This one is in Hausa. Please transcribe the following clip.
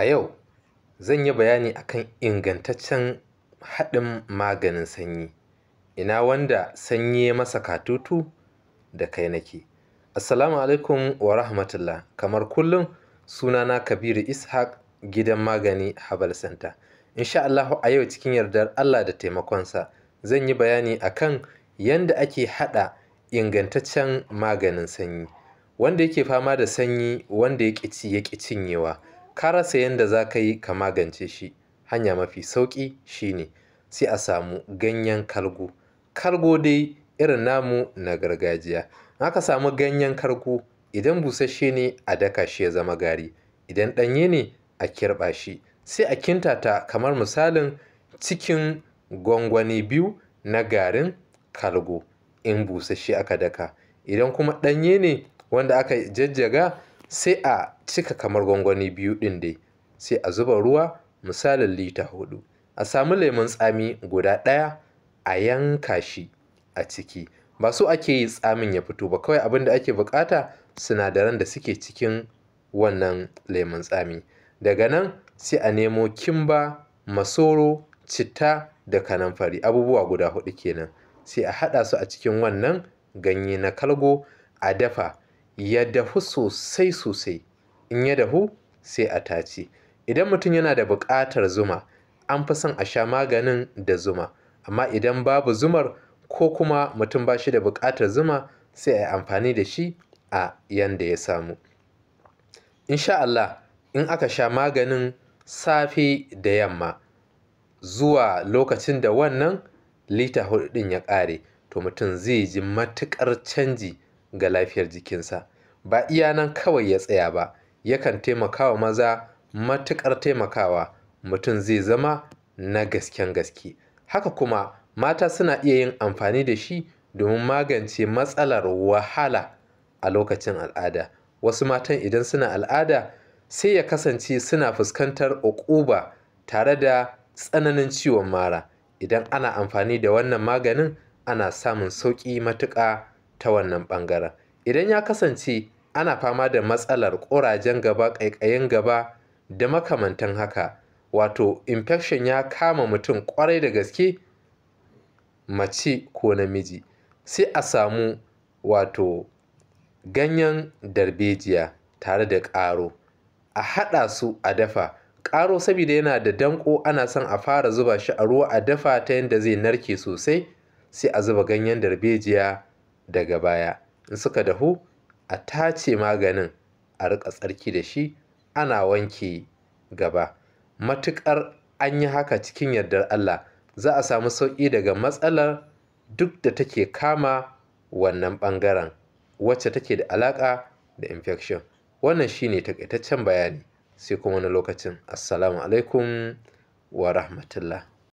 A yau zan yi bayani akan ingantaccen haɗin maganin sanyi, ina wanda sanyi ya masa katutu da kai nake. Assalamu alaikum wa rahmatullah. Kamar kullum sunana Kabiru Ishaq gidan magani Habal Center. Insha Allah a yau cikin yardar Allah da taimakonsa zan yi bayani akan yanda ake haɗa ingantaccen maganin sanyi. Wanda yake fama da sanyi wanda ya ƙi ci ya cinyewa ka rasa yadda za ka yi ka magance shi hanya mafi sauƙi shine sai a samu ganyen kalgo kalgo dai irin namu na gargajiya aka samu ganyen kargo idan busasshe ne a daka shi ya zama gari idan ɗanye ne a kirɓa shi sai a kintata kamar misalin cikin gwangwani biyu na garin kalgo in busasshe aka daka idan kuma ɗanye ne wanda aka jajjaga sai a cika kamar gwangwani biyu ɗin dai sai a zuba ruwa misalin lita hudu a samu lemon tsami guda ɗaya a yanka shi a ciki ba so ake yi tsamin ya fito ba kawai abin da ake bukata sinadaran da suke cikin wannan lemon tsami daga nan sai a nemo kimba masoro citta da kanamfari abubuwa guda hudu kenan sai a haɗa su a cikin wannan ganye na kalgo a dafa ya dafu sosai sosai in ya dahu sai a tace idan mutum yana da buƙatar zuma an fi son a sha maganin da zuma amma idan babu zumar ko kuma mutum ba shi da buƙatar zuma sai a yi amfani da shi a yanda ya samu insha Allah in aka sha maganin safe da yamma zuwa lokacin da wannan lita hudu ɗin ya ƙare to mutum zai ji matuƙar canji ga lafiyar jikinsa ba iya nan kawai ya tsaya ba yakan taimakawa maza matuƙar taimakawa mutum zai zama na gasken gaske haka kuma mata suna iya yin amfani da shi domin magance matsalar wahala a lokacin al'ada wasu matan idan suna al'ada sai ya kasance suna fuskantar uƙuba tare da tsananin ciwon mara idan ana amfani da wannan maganin ana samun sauƙi matuƙa ta wannan ɓangaren idan ya kasance ana fama da matsalar ƙurajen gaba ƙaiƙayin gaba da makamantan haka wato infection ya kama mutum ƙwarai da gaske mace ko namiji sai a samu wato ganyen darbejiya tare da ƙaro a haɗa su a dafa ƙaro saboda yana da danƙo ana son a fara zuba shi a ruwa a dafa ta yadda zai narke sosai sai a zuba ganyen darbejiya daga baya in suka dahu a tace maganin a riƙa tsarki da shi ana wanke gaba. Matuƙar an yi haka cikin yardar Allah za a samu sauƙi daga matsalar duk da take kama wannan ɓangaren wacce take da alaƙa da infection. Wannan shi ne taƙaitaccen bayani sai kuma wani lokacin. Assalamu alaikum wa rahmatullah.